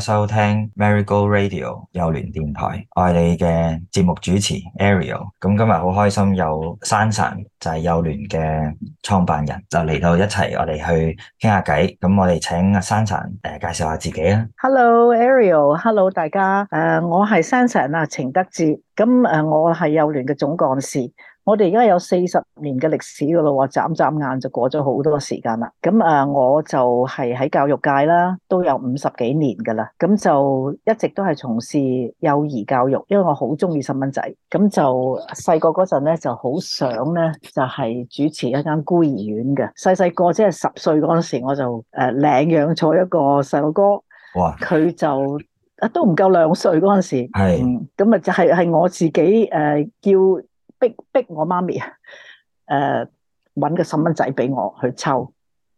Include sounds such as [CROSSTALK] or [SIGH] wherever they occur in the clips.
收聽 Marigold Radio 幼聯電台，我係你嘅節目主持 Ariel，咁今日好開心有 Sansan 就係幼聯嘅創辦人就嚟到一齊我哋去傾下偈，咁我哋請阿 Sansan 誒介紹下自己啦。Hello Ariel，hello 大家，uh，誒我係 Sansan 啊，程德智，咁，uh, 誒我係幼聯嘅總幹事。我哋而家有四十年嘅歷史㗎喇，喎，眨眨眼就過咗好多時間啦。咁啊，我就係喺教育界啦，都有五十幾年㗎喇。咁就一直都係從事幼兒教育，因為我好鍾意細蚊仔。咁就細個嗰陣咧，就好想咧，就係主持一間孤兒院嘅。細細個即係十歲嗰陣時，我就誒領養咗一個細路哥。哇！佢就啊，都唔夠兩歲嗰陣時，係咁啊，就係係我自己誒叫。逼逼我媽咪啊！誒、呃，搵個細蚊仔俾我去抽，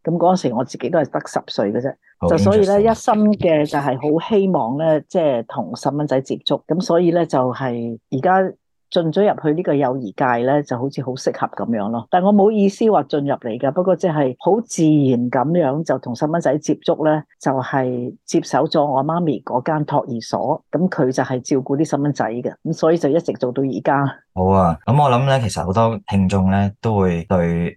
咁嗰陣時我自己都係得十歲嘅啫，就所以咧一心嘅就係好希望咧，即係同細蚊仔接觸，咁所以咧就係而家。進咗入去呢個幼兒界咧，就好似好適合咁樣咯。但我冇意思話進入嚟㗎，不過即係好自然咁樣就同細蚊仔接觸咧，就係、是、接手咗我媽咪嗰間托兒所，咁佢就係照顧啲細蚊仔嘅，咁所以就一直做到而家。好啊，咁我諗咧，其實好多聽眾咧都會對誒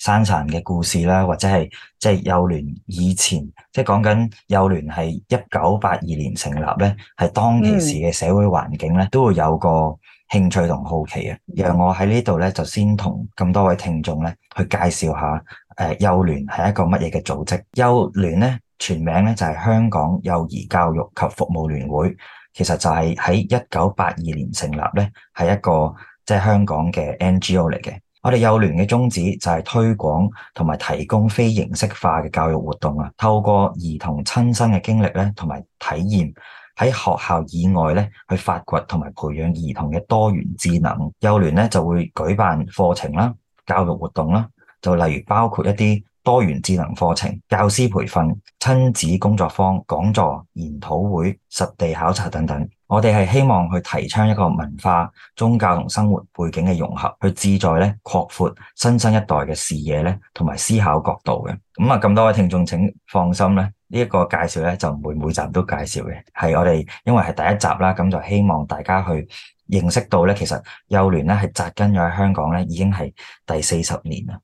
San、嗯、san 嘅故事啦，或者係即係幼聯以前，即係講緊幼聯係一九八二年成立咧，係當其時嘅社會環境咧、嗯，都會有個興趣同好奇啊，讓我喺呢度咧就先同咁多位聽眾咧去介紹下誒、呃、幼聯係一個乜嘢嘅組織。幼聯咧全名咧就係香港幼兒教育及服務聯會，其實就係喺一九八二年成立咧，係一個即係、就是、香港嘅 NGO 嚟嘅。我哋幼聯嘅宗旨就係推廣同埋提供非形式化嘅教育活動啊，透過兒童親身嘅經歷咧同埋體驗。喺學校以外咧去發掘同埋培養兒童嘅多元智能。幼聯咧就會舉辦課程啦、教育活動啦，就例如包括一啲多元智能課程、教師培訓、親子工作坊、講座、研討會、實地考察等等，我哋係希望去提倡一個文化、宗教同生活背景嘅融合，去旨在咧擴闊新生一代嘅視野咧，同埋思考角度嘅。咁啊，咁多位聽眾請放心咧，呢、這、一個介紹咧就唔會每集都介紹嘅，係我哋因為係第一集啦，咁就希望大家去認識到咧，其實幼聯咧係紮根咗喺香港咧，已經係第四十年啦。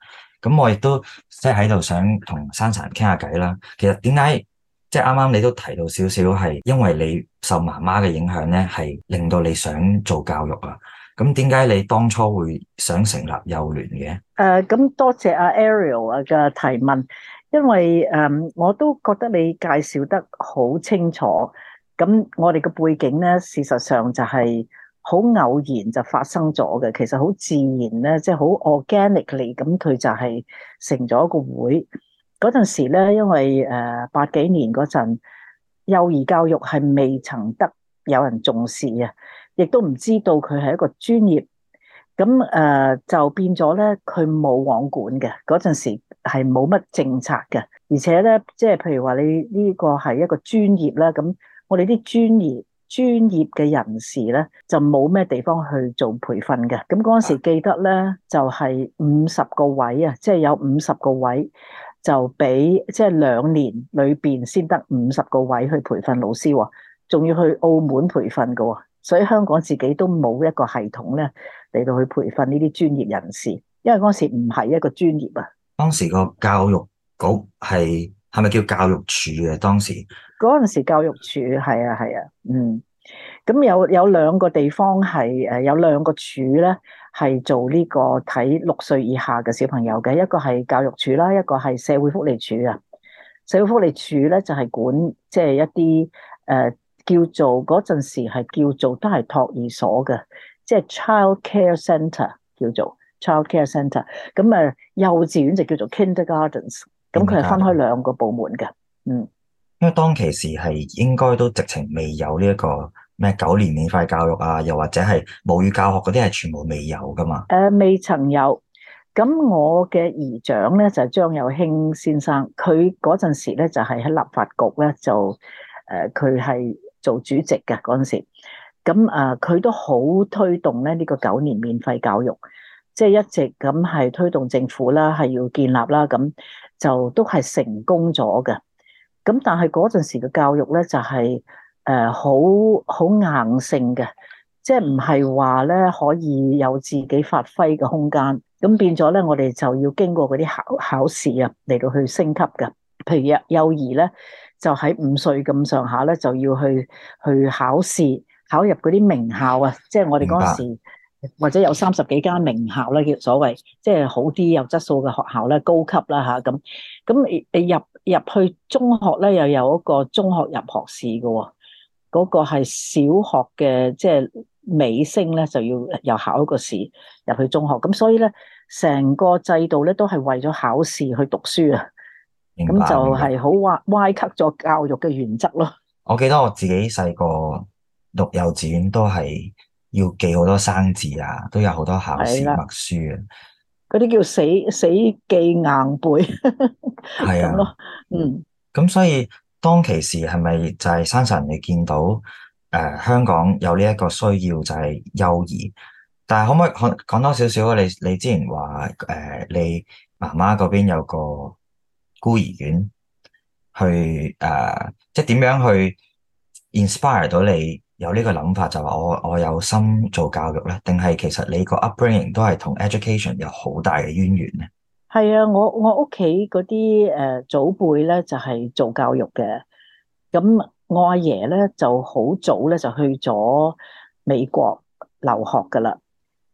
咁我亦都即喺度想同珊珊傾下偈啦。其實點解即啱啱你都提到少少係因為你受媽媽嘅影響咧，係令到你想做教育啊。咁點解你當初會想成立幼聯嘅？誒，咁多謝阿 Ariel 啊嘅提問，因為誒、um, 我都覺得你介紹得好清楚。咁我哋嘅背景咧，事實上就係、是。好偶然就發生咗嘅，其實好自然咧，即係好 organically 咁，佢就係成咗一個會。嗰陣時咧，因為誒八幾年嗰陣，幼兒教育係未曾得有人重視啊，亦都唔知道佢係一個專業。咁誒就變咗咧，佢冇網管嘅，嗰陣時係冇乜政策嘅，而且咧，即係譬如話你呢個係一個專業啦，咁我哋啲專業。專業嘅人士咧，就冇咩地方去做培訓嘅。咁嗰時記得咧，就係五十個位啊，即係有五十個位就俾，即係兩年裏邊先得五十個位去培訓老師，仲要去澳門培訓噶。所以香港自己都冇一個系統咧，嚟到去培訓呢啲專業人士，因為嗰時唔係一個專業啊。當時個教育局係。係咪叫教育處嘅、啊、當時？嗰陣時教育處係啊係啊，嗯，咁有有兩個地方係誒有兩個處咧，係做呢、這個睇六歲以下嘅小朋友嘅，一個係教育處啦，一個係社會福利處啊。社會福利處咧就係、是、管即係、就是、一啲誒、呃、叫做嗰陣時係叫做都係托兒所嘅，即、就、係、是、child care center 叫做 child care center，咁啊幼稚園就叫做 kindergartens。咁佢係分開兩個部門嘅，嗯，因為當其時係應該都直情未有呢一個咩九年免費教育啊，又或者係母語教學嗰啲，係全部未有噶嘛？誒，未曾有。咁我嘅姨丈咧就係張有興先生，佢嗰陣時咧就係喺立法局咧，就誒佢係做主席嘅嗰陣時，咁啊佢都好推動咧呢個九年免費教育，即係一直咁係推動政府啦，係要建立啦咁。就都係成功咗嘅。咁但係嗰陣時嘅教育咧就係誒好好硬性嘅，即係唔係話咧可以有自己發揮嘅空間，咁變咗咧我哋就要經過嗰啲考考試啊嚟到去升級嘅，譬如幼幼兒咧就喺五歲咁上下咧就要去去考試，考入嗰啲名校啊，即係我哋嗰陣時。或者有三十幾間名校咧，叫所謂，即係好啲有質素嘅學校咧，高級啦吓咁。咁你你入入去中學咧，又有一個中學入學試嘅，嗰、那個係小學嘅，即係尾升咧，就要又考一個試入去中學。咁所以咧，成個制度咧都係為咗考試去讀書啊。明白。咁就係好歪歪曲咗教育嘅原則咯。我記得我自己細個讀幼稚園都係。要記好多生字啊，都有好多考試默書啊，嗰啲叫死死記硬背，係啊， [LAUGHS] 嗯。咁所以當其時係咪就係 Sansan 你見到、呃、香港有呢一個需要就係幼兒，但係可唔可以講講多少少啊？你你之前話誒、呃、你媽媽嗰邊有個孤兒院去誒，即係點樣去 inspire 到你？有呢個諗法就話、是、我我有心做教育咧，定係其實你個 upbringing 都係同 education 有好大嘅淵源咧。係啊，我我屋企嗰啲誒祖輩咧就係做教育嘅，咁我阿爺咧就好早咧就去咗美國留學噶啦，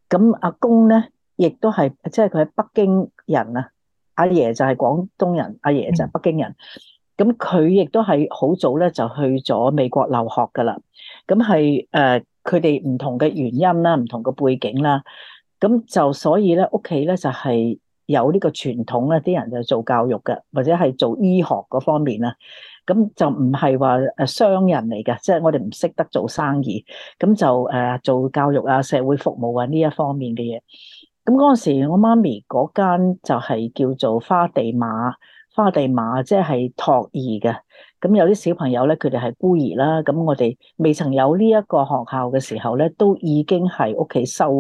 咁阿公咧亦都係即係佢係北京人啊，阿爺就係廣東人，阿爺就係北京人。爺爺咁佢亦都係好早咧就去咗美國留學噶啦。咁係誒，佢哋唔同嘅原因啦，唔同嘅背景啦。咁就所以咧，屋企咧就係有呢個傳統咧，啲人就做教育嘅，或者係做醫學嗰方面啊。咁就唔係話誒商人嚟嘅，即係我哋唔識得做生意。咁就誒做教育啊、社會服務啊呢一方面嘅嘢。咁嗰陣時，我媽咪嗰間就係叫做花地馬。花地馬即係、就是、托兒嘅，咁有啲小朋友咧，佢哋係孤兒啦。咁我哋未曾有呢一個學校嘅時候咧，都已經係屋企收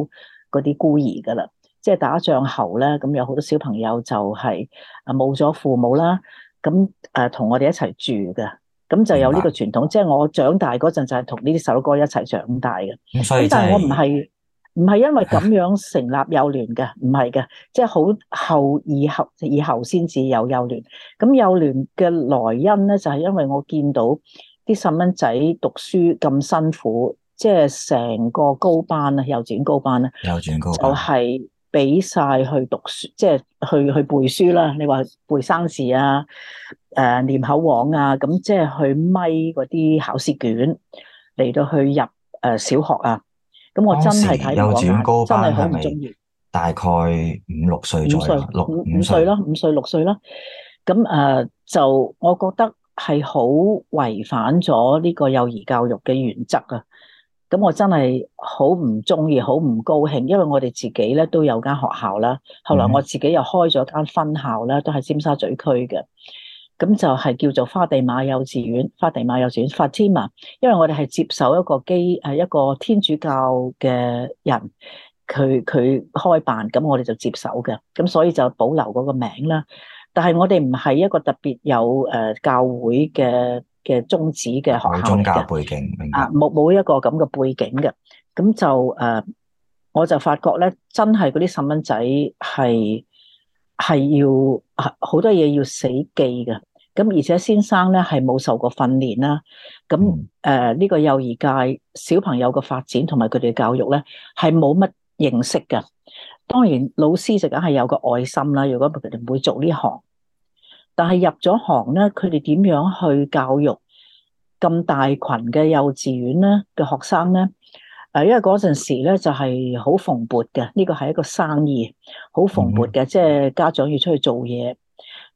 嗰啲孤兒噶啦。即、就、係、是、打仗後咧，咁有好多小朋友就係冇咗父母啦。咁誒同我哋一齊住㗎。咁就有呢個傳統。即係、就是、我長大嗰陣就係同呢啲細佬哥一齊長大嘅。咁、就是、但係我唔係。唔係因為咁樣成立幼聯嘅，唔係嘅，即係好後二後以後先至有幼聯。咁幼聯嘅來因咧，就係、是、因為我見到啲細蚊仔讀書咁辛苦，即係成個高班啊，幼稚園高班啊，幼稚園高，就係俾晒去讀書，即、就、係、是、去去，去背書啦。你話背生字啊，誒、呃、念口簧啊，咁即係去咪嗰啲考試卷嚟到去入誒、呃、小學啊。咁我真係睇幼稚園高真係好唔中意，是是大概五六歲左右，五歲六五五歲啦，五歲六歲啦。咁誒就我覺得係好違反咗呢個幼兒教育嘅原則啊！咁我真係好唔中意，好唔高興，因為我哋自己咧都有間學校啦，後來我自己又開咗間分校啦，都係尖沙咀區嘅。咁就係叫做花地瑪幼稚園，花地瑪幼稚園，Fatima 嘛。因為我哋係接受一個基誒一個天主教嘅人，佢佢開辦，咁我哋就接手嘅，咁所以就保留嗰個名啦。但係我哋唔係一個特別有誒教會嘅嘅宗旨嘅學校嘅，宗教背景，明白，啊冇冇一個咁嘅背景嘅，咁就誒、呃、我就發覺咧，真係嗰啲細蚊仔係。係要好多嘢要死記嘅，咁而且先生咧係冇受過訓練啦。咁誒呢個幼兒界小朋友嘅發展同埋佢哋教育咧係冇乜認識嘅。當然老師就梗係有個愛心啦。如果佢哋唔會做呢行，但係入咗行咧，佢哋點樣去教育咁大群嘅幼稚園咧嘅學生咧？誒，因為嗰陣時咧就係好蓬勃嘅，呢、這個係一個生意，好蓬勃嘅，即係、就是、家長要出去做嘢，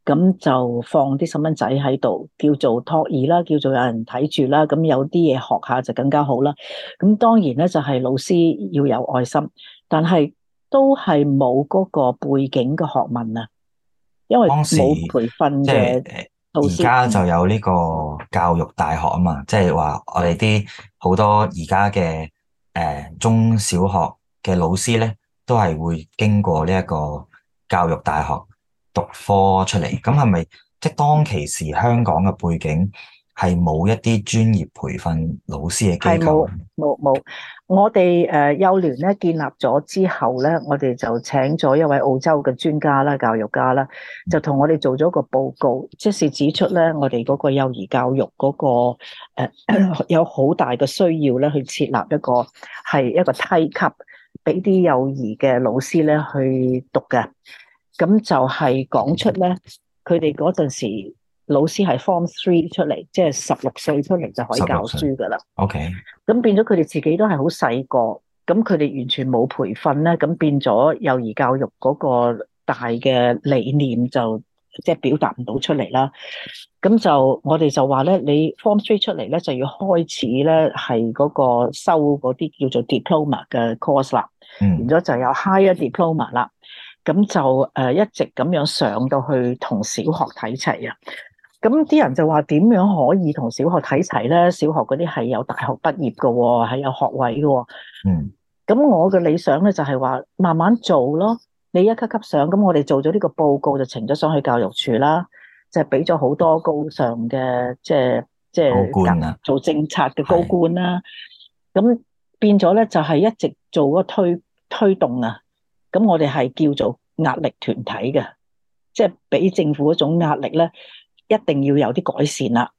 咁就放啲細蚊仔喺度，叫做托兒啦，叫做有人睇住啦，咁有啲嘢學下就更加好啦。咁當然咧就係老師要有愛心，但係都係冇嗰個背景嘅學問啊，因為冇培訓嘅。而家就，就有呢個教育大學啊嘛，即係話我哋啲好多而家嘅。誒，中小學嘅老師咧，都係會經過呢一個教育大學讀科出嚟，咁係咪即係當其時香港嘅背景？係冇一啲專業培訓老師嘅機構，係冇冇冇。我哋誒幼聯咧建立咗之後咧，我哋就請咗一位澳洲嘅專家啦，教育家啦，就同我哋做咗個報告，即、就是指出咧，我哋嗰個幼兒教育嗰、那個誒有好大嘅需要咧，去設立一個係一個梯級，俾啲幼兒嘅老師咧去讀嘅。咁就係講出咧，佢哋嗰陣時。老師係 Form Three 出嚟，即係十六歲出嚟就可以教書㗎啦。OK，咁變咗佢哋自己都係好細個，咁佢哋完全冇培訓咧，咁變咗幼兒教育嗰個大嘅理念就即係表達唔到出嚟啦。咁就我哋就話咧，你 Form Three 出嚟咧就要開始咧係嗰個收嗰啲叫做 diploma 嘅 course 啦，嗯，然之後就有 Higher Diploma 啦，咁就誒一直咁樣上到去同小學睇齊啊。咁啲人就話點樣可以同小學睇齊咧？小學嗰啲係有大學畢業㗎喎，係有學位㗎。嗯。咁我嘅理想咧就係話慢慢做咯。你一級級上，咁我哋做咗呢個報告就呈咗上去教育處啦，就俾咗好多高尚嘅，即係即係做政策嘅高官啦。咁變咗咧就係一直做個推推動啊。咁我哋係叫做壓力團體嘅，即係俾政府一種壓力咧。一定要有啲改善啦，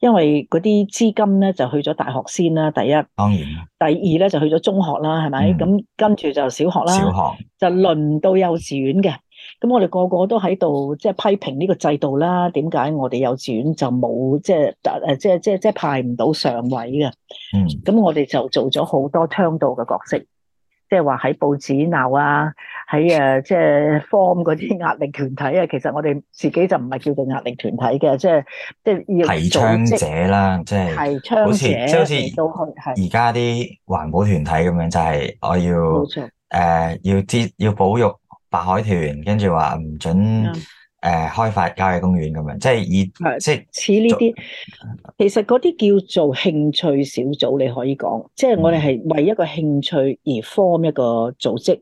因為嗰啲資金咧就去咗大學先啦，第一，當然啦。第二咧就去咗中學啦，係咪？咁跟住就小學啦，小學就輪到幼稚園嘅。咁我哋個個都喺度即係批評呢個制度啦。點解我哋幼稚園就冇即係誒即係即係即係派唔到上位嘅？嗯。咁我哋就做咗好多倡導嘅角色，即係話喺報紙鬧啊。係啊，即、就、係、是、form 嗰啲壓力團體啊，其實我哋自己就唔係叫做壓力團體嘅，即係即係要組織提倡者啦，即、就、係、是、好似即、就是、好似而家啲環保團體咁樣，就係、是、我要誒、呃、要知要保育白海豚，跟住話唔准誒、嗯呃、開發郊野公園咁樣，即、就、係、是、以即係似呢啲，就是、些 [LAUGHS] 其實嗰啲叫做興趣小組，你可以講，即、就、係、是、我哋係為一個興趣而 form 一個組織。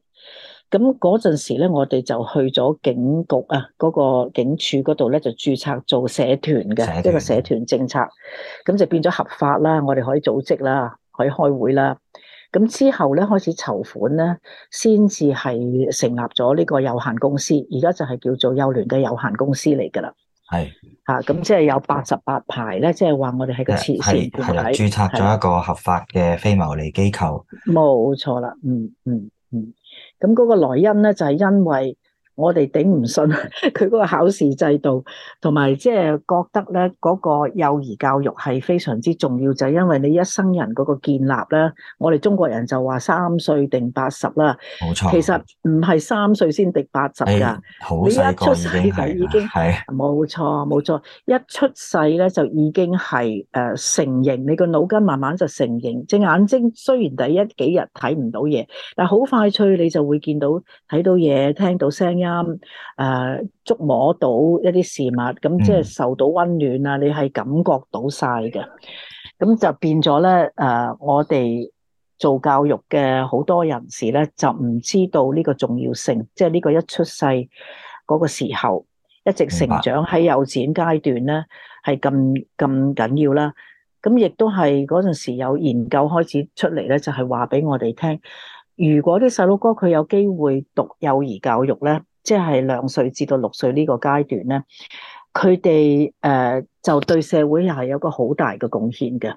咁嗰陣時咧，我哋就去咗警局啊，嗰個警署嗰度咧就註冊做社團嘅一個社團政策，咁就變咗合法啦，我哋可以組織啦，可以開會啦。咁之後咧開始籌款咧，先至係成立咗呢個有限公司，而家就係叫做幼聯嘅有限公司嚟㗎啦。係，嚇咁即係有八十八牌咧，即係話我哋係個慈善。係註冊咗一個合法嘅非牟利機構。冇錯啦，嗯嗯嗯。嗯。咁嗰個來因呢，就係因為，我哋頂唔順佢嗰個考試制度，同埋即係覺得咧，嗰個幼兒教育係非常之重要，就係因為你一生人嗰個建立咧，我哋中國人就話三歲定八十啦。冇錯，其實唔係三歲先定八十噶、哎，你一出世就已經冇錯冇錯，一出世咧就已經係誒、呃、成形，你個腦筋慢慢就成形，隻眼睛雖然第一幾日睇唔到嘢，但好快脆你就會見到睇到嘢，聽到聲音。啱誒，觸摸到一啲事物，咁即係受到溫暖啊！你係感覺到曬嘅，咁就變咗咧誒。我哋做教育嘅好多人士咧，就唔知道呢個重要性，即係呢個一出世嗰個時候，一直成長喺幼稚園階段咧，係咁咁緊要啦。咁亦都係嗰陣時有研究開始出嚟咧，就係話俾我哋聽，如果啲細佬哥佢有機會讀幼兒教育咧。即係兩歲至到六歲呢個階段咧，佢哋誒就對社會又係有個好大嘅貢獻嘅。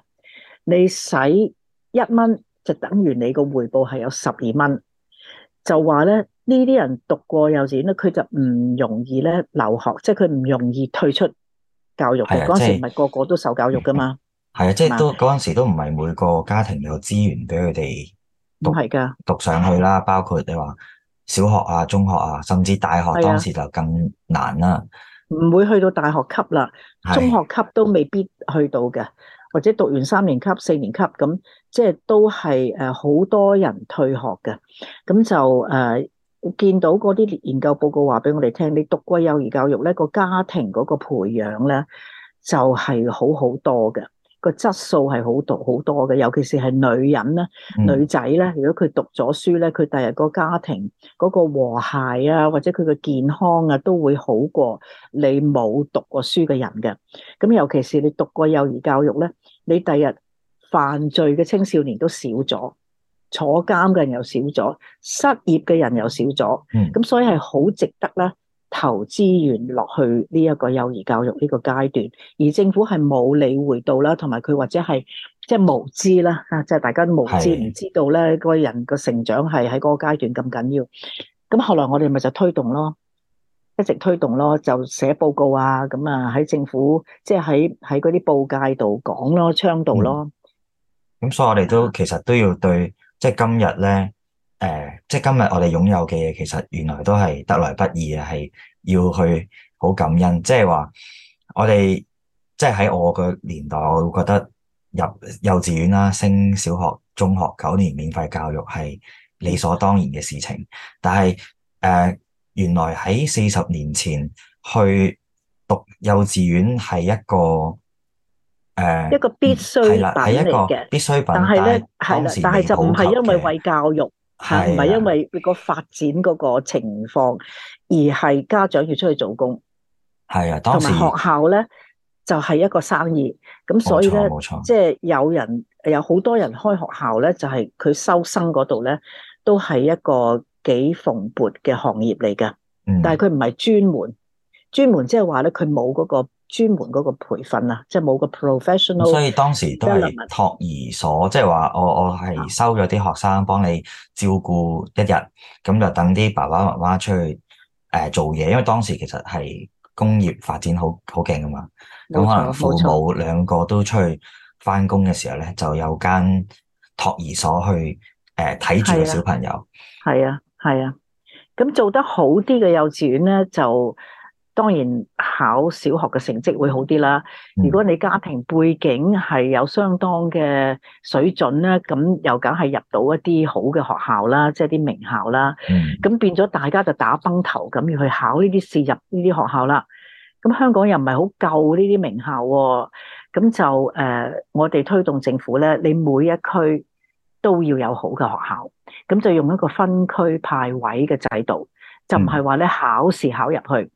你使一蚊就等於你個回報係有十二蚊，就話咧呢啲人讀過幼稚園咧，佢就唔容易咧留學，即係佢唔容易退出教育。係嗰陣時唔係個個都受教育噶嘛。係啊，即係都嗰陣時都唔係每個家庭有資源俾佢哋。唔係噶，讀上去啦，包括你話。小學啊、中學啊，甚至大學，啊、當時就更難啦、啊。唔會去到大學級啦、啊，中學級都未必去到嘅，或者讀完三年級、四年級咁，即係都係誒好多人退學嘅。咁就誒、呃、見到嗰啲研究報告話俾我哋聽，你讀過幼兒教育咧，個家庭嗰個培養咧就係、是、好好多嘅。個質素係好多好多嘅，尤其是係女人咧、嗯、女仔咧。如果佢讀咗書咧，佢第日個家庭嗰個和諧啊，或者佢個健康啊，都會好過你冇讀過書嘅人嘅。咁尤其是你讀過幼兒教育咧，你第日犯罪嘅青少年都少咗，坐監嘅人又少咗，失業嘅人又少咗。咁、嗯、所以係好值得啦。投資源落去呢一個幼兒教育呢個階段，而政府係冇理會到啦，同埋佢或者係即係無知啦，啊，即係大家無知唔知道咧，個人個成長係喺嗰個階段咁緊要。咁後來我哋咪就推動咯，一直推動咯，就寫報告啊，咁啊喺政府即係喺喺嗰啲報界度講咯，倡導咯。咁所以我哋都其實都要對，即係今日咧。誒、呃，即係今日我哋擁有嘅嘢，其實原來都係得來不易嘅，係要去好感恩。即係話我哋即係喺我個年代，我會覺得入幼稚園啦、升小學、中學九年免費教育係理所當然嘅事情。但係誒、呃，原來喺四十年前去讀幼稚園係一個誒、呃、一個必需品嚟嘅，嗯、一個必需品。但係咧係啦，但係就唔係因為為教育。吓，唔係因為個發展嗰個情況，而係家長要出去做工，係啊，同埋學校咧就係、是、一個生意，咁所以咧，即係、就是、有人有好多人開學校咧，就係、是、佢收生嗰度咧，都係一個幾蓬勃嘅行業嚟噶、嗯，但係佢唔係專門專門，即係話咧，佢冇嗰個。專門嗰個培訓啊，即係冇個 professional。所以當時都係托兒所，即係話我我係收咗啲學生幫你照顧一日，咁就等啲爸爸媽媽出去誒、呃、做嘢，因為當時其實係工業發展好好勁噶嘛。咁可能父母兩個都出去翻工嘅時候咧，就有間托兒所去誒睇住個小朋友。係啊係啊，咁做得好啲嘅幼稚園咧就。當然考小學嘅成績會好啲啦。如果你家庭背景係有相當嘅水準咧，咁又梗係入到一啲好嘅學校啦，即係啲名校啦。咁、嗯、變咗大家就打崩頭咁要去考呢啲試入呢啲學校啦。咁香港又唔係好夠呢啲名校，啊，咁就誒、呃、我哋推動政府咧，你每一區都要有好嘅學校，咁就用一個分區派位嘅制度，就唔係話咧考試考入去。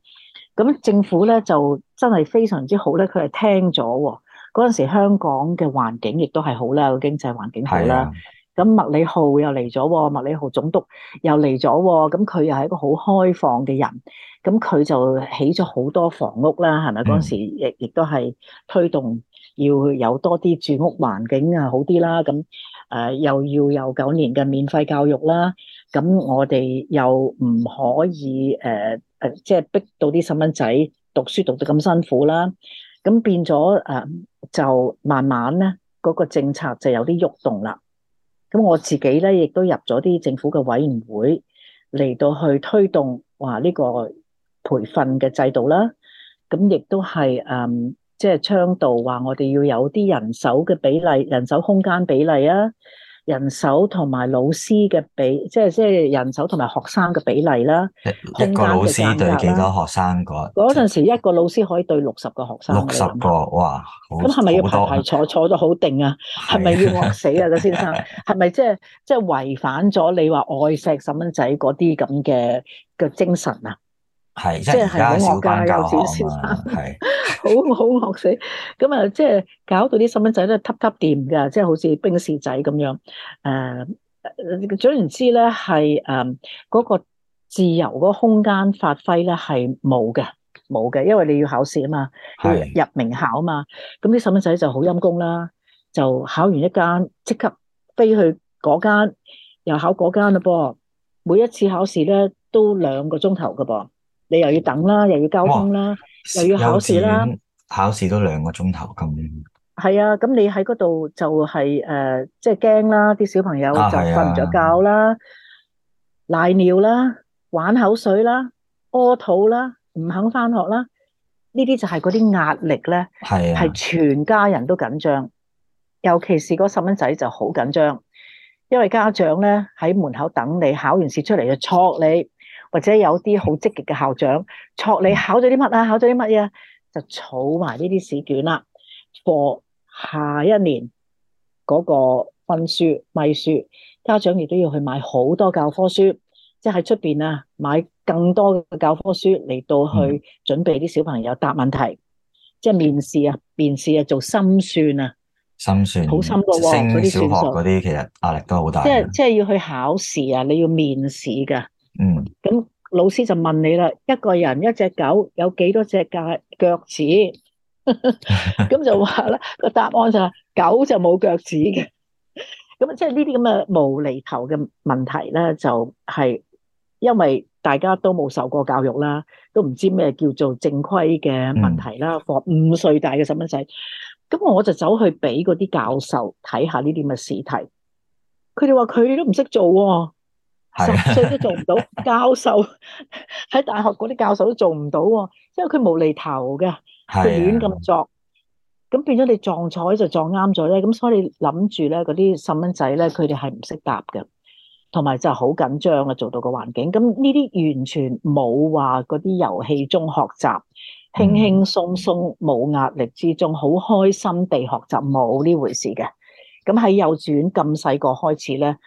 咁政府咧就真係非常之好咧，佢係聽咗喎。嗰陣時香港嘅環境亦都係好啦，經濟環境好啦。咁麥理浩又嚟咗喎，麥理浩總督又嚟咗喎。咁佢又係一個好開放嘅人。咁佢就起咗好多房屋啦，係咪？嗰陣時亦亦都係推動要有多啲住屋環境啊，好啲啦。咁、呃、又要有九年嘅免費教育啦。咁我哋又唔可以誒，呃誒，即係逼到啲細蚊仔讀書讀到咁辛苦啦，咁變咗誒，就慢慢咧嗰個政策就有啲喐動啦。咁我自己咧，亦都入咗啲政府嘅委員會嚟到去推動話呢個培訓嘅制度啦。咁亦都係誒，即係倡導話我哋要有啲人手嘅比例，人手空間比例啊。人手同埋老師嘅比，即係即係人手同埋學生嘅比例啦。一個老師對幾多學生嗰？嗰陣時一個老師可以對六十個學生。六十個哇！咁係咪要排排坐？坐得好定啊？係咪要惡死啊？個先生係咪即係即係違反咗你話愛錫細蚊仔嗰啲咁嘅嘅精神啊？係即係好惡教，有少少係，好好惡死咁啊！即係 [LAUGHS] [LAUGHS] 搞到啲細蚊仔咧，耷耷掂噶，即係好似兵士仔咁樣。誒、呃，總言之咧，係誒嗰個自由嗰空間發揮咧係冇嘅，冇嘅，因為你要考試啊嘛是，入名校啊嘛。咁啲細蚊仔就好陰功啦，就考完一間，即刻飛去嗰間又考嗰間啦噃。每一次考試咧都兩個鐘頭噶噃。你又要等啦，又要交通啦，又要考試啦，考試都兩個鐘頭咁。係啊，咁你喺嗰度就係、是、誒，即係驚啦，啲小朋友就瞓唔着覺啦，賴、啊啊、尿啦，玩口水啦，屙、啊、肚啦，唔肯翻學啦，呢啲就係嗰啲壓力咧，係、啊、全家人都緊張，尤其是嗰細蚊仔就好緊張，因為家長咧喺門口等你考完試出嚟就捉你。或者有啲好積極嘅校長，託你考咗啲乜啊？考咗啲乜嘢啊？就儲埋呢啲試卷啦，過下一年嗰個分書、咪書，家長亦都要去買好多教科書，即係喺出邊啊買更多嘅教科書嚟到去準備啲小朋友答問題，嗯、即係面試啊，面試啊做心算啊，心算好深噶喎，升小學嗰啲其實壓力都好大，即係即係要去考試啊，你要面試噶。嗯，咁老師就問你啦，一個人一隻狗有幾多隻嘅腳趾？咁 [LAUGHS] 就話啦，個答案就係，狗就冇腳趾嘅。咁即係呢啲咁嘅無厘頭嘅問題咧，就係、係、因為大家都冇受過教育啦，都唔知咩叫做正規嘅問題啦。放、嗯、五歲大嘅細蚊仔，咁我就走去俾嗰啲教授睇下呢啲咁嘅試題，佢哋話佢都唔識做，啊。十歲都做唔到 [LAUGHS] 教授，喺大學嗰啲教授都做唔到喎，因為佢無厘頭嘅，佢亂咁作，咁 [LAUGHS] 變咗你撞彩就撞啱咗咧，咁所以你諗住咧嗰啲細蚊仔咧，佢哋係唔識答嘅，同埋就係好緊張啊，做到個環境，咁呢啲完全冇話嗰啲遊戲中學習，輕輕鬆鬆冇壓力之中，好開心地學習冇呢回事嘅，咁喺幼稚園咁細個開始咧。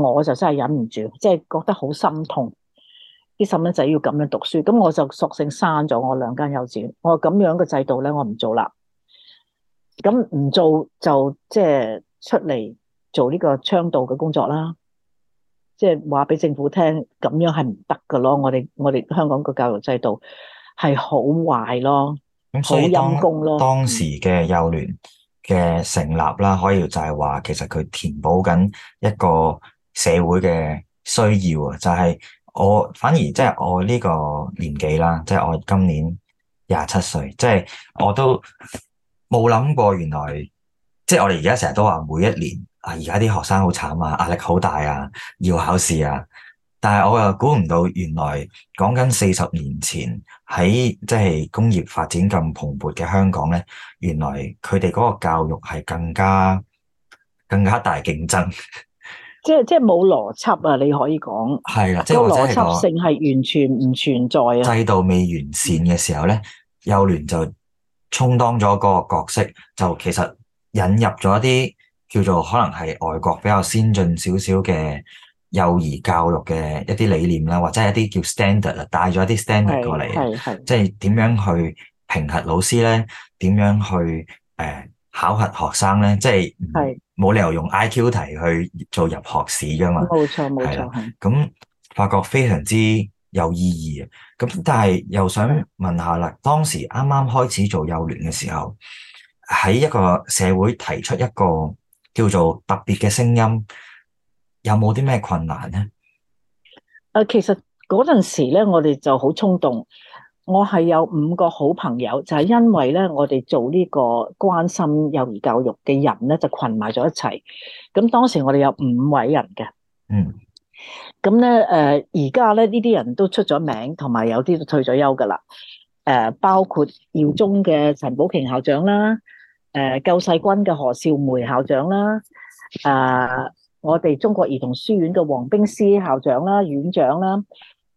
我就真係忍唔住，即係覺得好心痛，啲細蚊仔要咁樣讀書，咁我就索性刪咗我兩間幼稚園，我咁樣嘅制度咧，我唔做啦。咁唔做就即係出嚟做呢個倡導嘅工作啦，即係話俾政府聽，咁樣係唔得噶咯。我哋我哋香港嘅教育制度係好壞咯，好陰功咯。當時嘅幼聯嘅成立啦、嗯，可以就係話其實佢填補緊一個。社會嘅需要啊，就係我反而即係我呢個年紀啦，即係我今年廿七歲，即係我都冇諗過原來，即係我哋而家成日都話每一年啊，而家啲學生好慘啊，壓力好大啊，要考試啊，但係我又估唔到原來講緊四十年前喺即係工業發展咁蓬勃嘅香港咧，原來佢哋嗰個教育係更加更加大競爭。即係即係冇邏輯啊！你可以講係啦，係，那個邏輯性係完全唔存在啊。係，制度未完善嘅時候咧，幼聯就充當咗個角色，就其實引入咗一啲叫做可能係外國比較先進少少嘅幼兒教育嘅一啲理念啦，或者一啲叫 standard 啊，帶咗一啲 standard 過嚟，即係點樣去評核老師咧？點樣去誒、呃、考核學生咧？即係係。冇理由用 I.Q. 題去做入學試噶嘛，冇錯冇錯。咁發覺非常之有意義。咁但係又想問下啦，嗯，當時啱啱開始做幼聯嘅時候，喺一個社會提出一個叫做特別嘅聲音，有冇啲咩困難咧？誒，其實嗰陣時咧，我哋就好衝動。我係有五個好朋友，就係、是、因為咧，我哋做呢個關心幼兒教育嘅人咧，就群埋咗一齊。咁當時我哋有五位人嘅，嗯。咁咧，誒而家咧呢啲人都出咗名，同埋有啲都退咗休噶啦。誒，包括耀中嘅陳寶瓊校長啦，誒救世軍嘅何少梅校長啦，誒我哋中國兒童書院嘅黃冰絲校長啦、院長啦。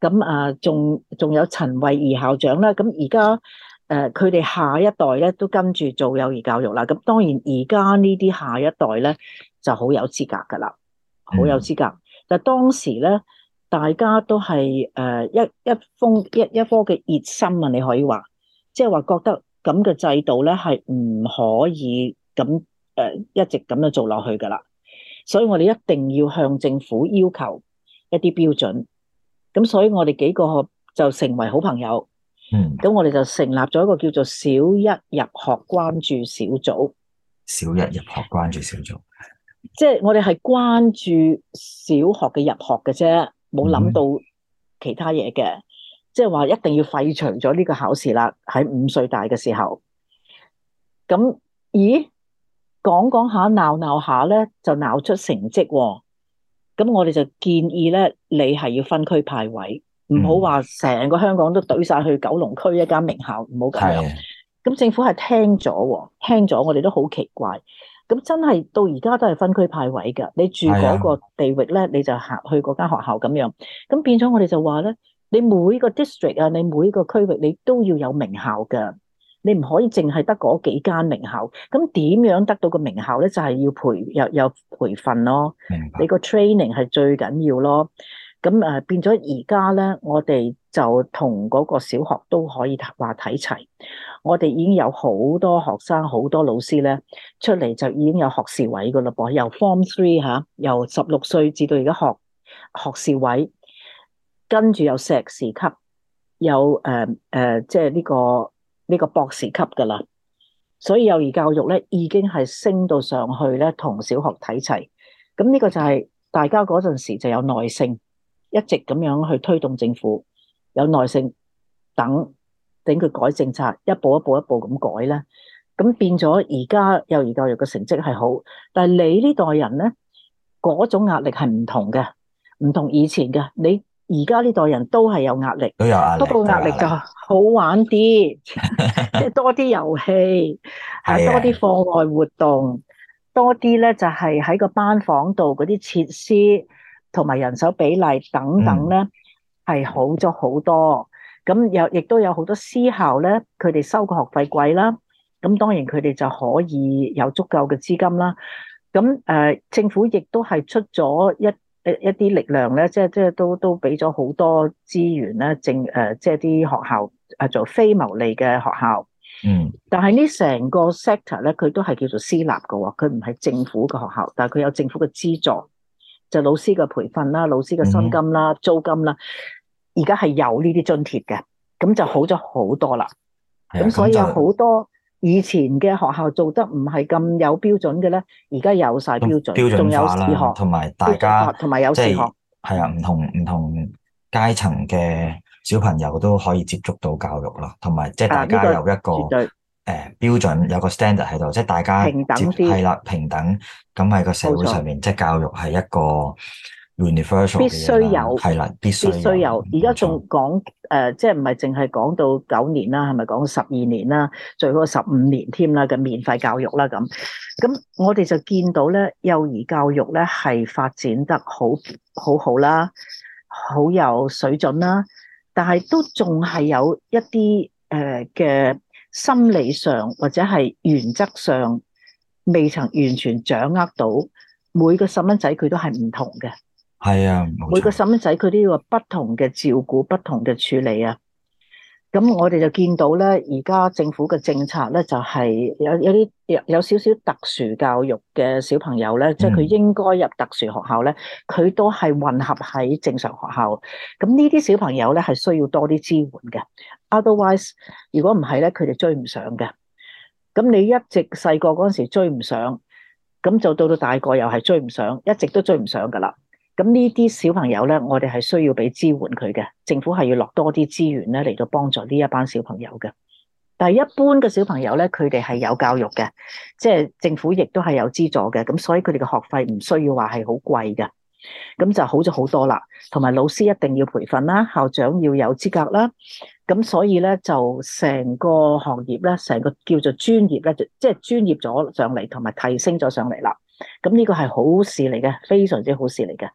咁啊，仲仲有陳慧儀校長啦。咁而家誒，佢哋下一代咧都跟住做幼兒教育啦。咁當然而家呢啲下一代咧就好有資格噶啦，好、嗯、有資格。但當時咧，大家都係誒一一封一一科嘅熱心啊，你可以話，即係話覺得咁嘅制度咧係唔可以咁一直咁樣做落去噶啦。所以我哋一定要向政府要求一啲標準。咁所以，我哋幾個就成為好朋友。嗯，咁我哋就成立咗一個叫做小一入學關注小組。小一入學關注小組，即係我哋係關注小學嘅入學嘅啫，冇諗到其他嘢嘅，嗯。即係話一定要廢除咗呢個考試啦。喺五歲大嘅時候，咁咦，講講下鬧鬧下咧，就鬧出成績喎。咁我哋就建議咧，你係要分區派位，唔好話成個香港都懟晒去九龍區一間名校，唔好咁樣。咁政府係聽咗，聽咗我哋都好奇怪。咁真係到而家都係分區派位㗎。你住嗰個地域咧，你就行去嗰間學校咁樣。咁變咗我哋就話咧，你每個 district 啊，你每個區域你都要有名校㗎。你唔可以淨係得嗰幾間名校，咁點樣得到個名校咧？就係、是、要培有有培訓咯。你個 training 係最緊要咯。咁誒、呃、變咗而家咧，我哋就同嗰個小學都可以話睇齊。我哋已經有好多學生、好多老師咧出嚟就已經有學士位噶啦噃，由 Form Three 吓，由十六歲至到而家學學士位，跟住有碩士級，有誒誒，即係呢個。呢個博士級噶啦，所以幼兒教育咧已經係升到上去咧，同小學睇齊。咁呢個就係大家嗰陣時就有耐性，一直咁樣去推動政府，有耐性等等佢改政策，一步一步一步咁改咧。咁變咗而家幼兒教育嘅成績係好，但係你呢代人咧嗰種壓力係唔同嘅，唔同以前嘅你。而家呢代人都係有壓力，都有壓力，不過好玩啲，即 [LAUGHS] 係多啲遊戲，係 [LAUGHS] 多啲課外活動，yeah。多啲咧就係喺個班房度嗰啲設施同埋人手比例等等咧係、嗯、好咗好多。咁有亦都有好多私校咧，佢哋收個學費貴啦，咁當然佢哋就可以有足夠嘅資金啦。咁誒、呃、政府亦都係出咗一一一啲力量咧，即係即係都都俾咗好多資源咧，政誒、呃、即係啲學校啊做非牟利嘅學校。嗯。但係呢成個 sector 咧，佢都係叫做私立嘅喎，佢唔係政府嘅學校，但係佢有政府嘅資助，就係、老師嘅培訓啦、老師嘅薪金啦、嗯、租金啦，而家係有呢啲津貼嘅，咁就好咗好多啦。咁所以有好多。以前嘅學校做得唔係咁有標準嘅咧，而家有晒標準，仲有視學同埋大家，有有即係係啊，唔同唔同階層嘅小朋友都可以接觸到教育啦，同埋即係大家有一個誒、啊這個欸、標準，有個 standard 喺度，即係大家平等，啊、平等，係啦平等，咁喺個社會上面，即係教育係一個。必須有，係啦，必須有。而家仲講誒，即係唔係淨係講到九年啦，係咪講到十二年啦？最好十五年添啦嘅免費教育啦咁。咁我哋就見到咧，幼兒教育咧係發展得好好好啦，好有水準啦。但係都仲係有一啲誒嘅心理上或者係原則上未曾完全掌握到每個細蚊仔佢都係唔同嘅。係啊，每個細蚊仔佢都要不同嘅照顧，不同嘅處理啊。咁我哋就見到咧，而家政府嘅政策咧，就係有有啲有少少特殊教育嘅小朋友咧，即係佢應該入特殊學校咧，佢都係混合喺正常學校。咁呢啲小朋友咧，係需要多啲支援嘅。Otherwise，如果唔係咧，佢哋追唔上嘅。咁你一直細個嗰時追唔上，咁就到到大個又係追唔上，一直都追唔上噶啦。咁呢啲小朋友咧，我哋係需要俾支援佢嘅，政府係要落多啲資源咧嚟到幫助呢一班小朋友嘅。但係一般嘅小朋友咧，佢哋係有教育嘅，即係政府亦都係有資助嘅，咁所以佢哋嘅學費唔需要話係好貴嘅，咁就好咗好多啦。同埋老師一定要培訓啦，校長要有資格啦，咁所以咧就成個行業咧，成個叫做專業咧，即係專業咗上嚟，同埋提升咗上嚟啦。咁呢個係好事嚟嘅，非常之好事嚟嘅。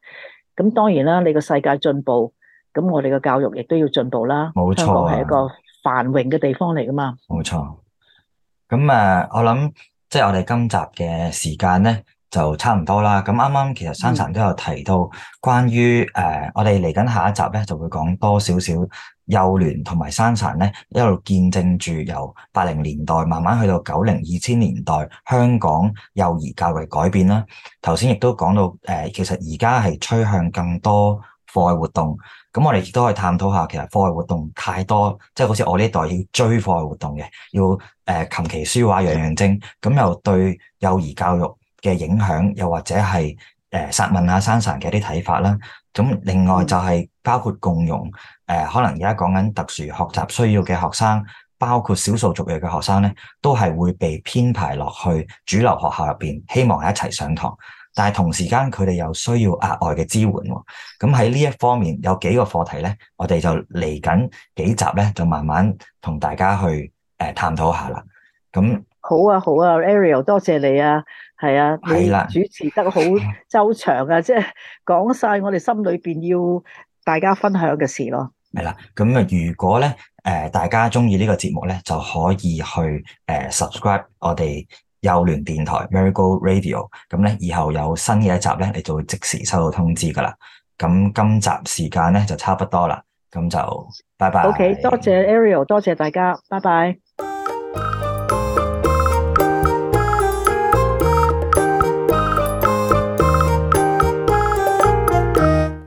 咁當然啦，你個世界進步，咁我哋嘅教育亦都要進步啦。冇錯，香港係一個繁榮嘅地方嚟噶嘛。冇錯。咁啊，我諗即係我哋今集嘅時間咧，就差唔多啦。咁啱啱其實 Sansan 都有提到關於誒、嗯呃，我哋嚟緊下一集咧就會講多少少幼聯同埋 Sansan 咧一路見證住由八零年代慢慢去到九零二千年代香港幼兒教育改變啦。頭先亦都講到誒、呃，其實而家係趨向更多課外活動。咁我哋亦都可以探討下其實課外活動太多，即係好似我呢代要追課外活動嘅，要誒、呃、琴棋書畫樣樣精。咁又對幼兒教育嘅影響，又或者係誒、呃、殺問阿 Sansan 嘅一啲睇法啦。咁另外就係包括共用誒、呃，可能而家講緊特殊學習需要嘅學生，包括少數族裔嘅學生咧，都係會被編排落去主流學校入邊，希望係一齊上堂。但係同時間佢哋又需要額外嘅支援。咁喺呢一方面有幾個課題咧，我哋就嚟緊幾集咧，就慢慢同大家去誒、呃、探討一下啦。咁。好啊，好啊，Ariel，多謝你啊，係啊，你主持得好周詳啊， [LAUGHS] 即係講晒我哋心裏邊要大家分享嘅事咯。係啦，咁啊，如果咧，誒、呃，大家中意呢個節目咧，就可以去誒 subscribe、呃、我哋幼聯電台 Marigold Radio，咁咧以後有新嘅一集咧，你就會即時收到通知噶啦。咁今集時間咧就差不多啦，咁就拜拜。O、okay, K，多謝 Ariel，多謝大家，拜拜。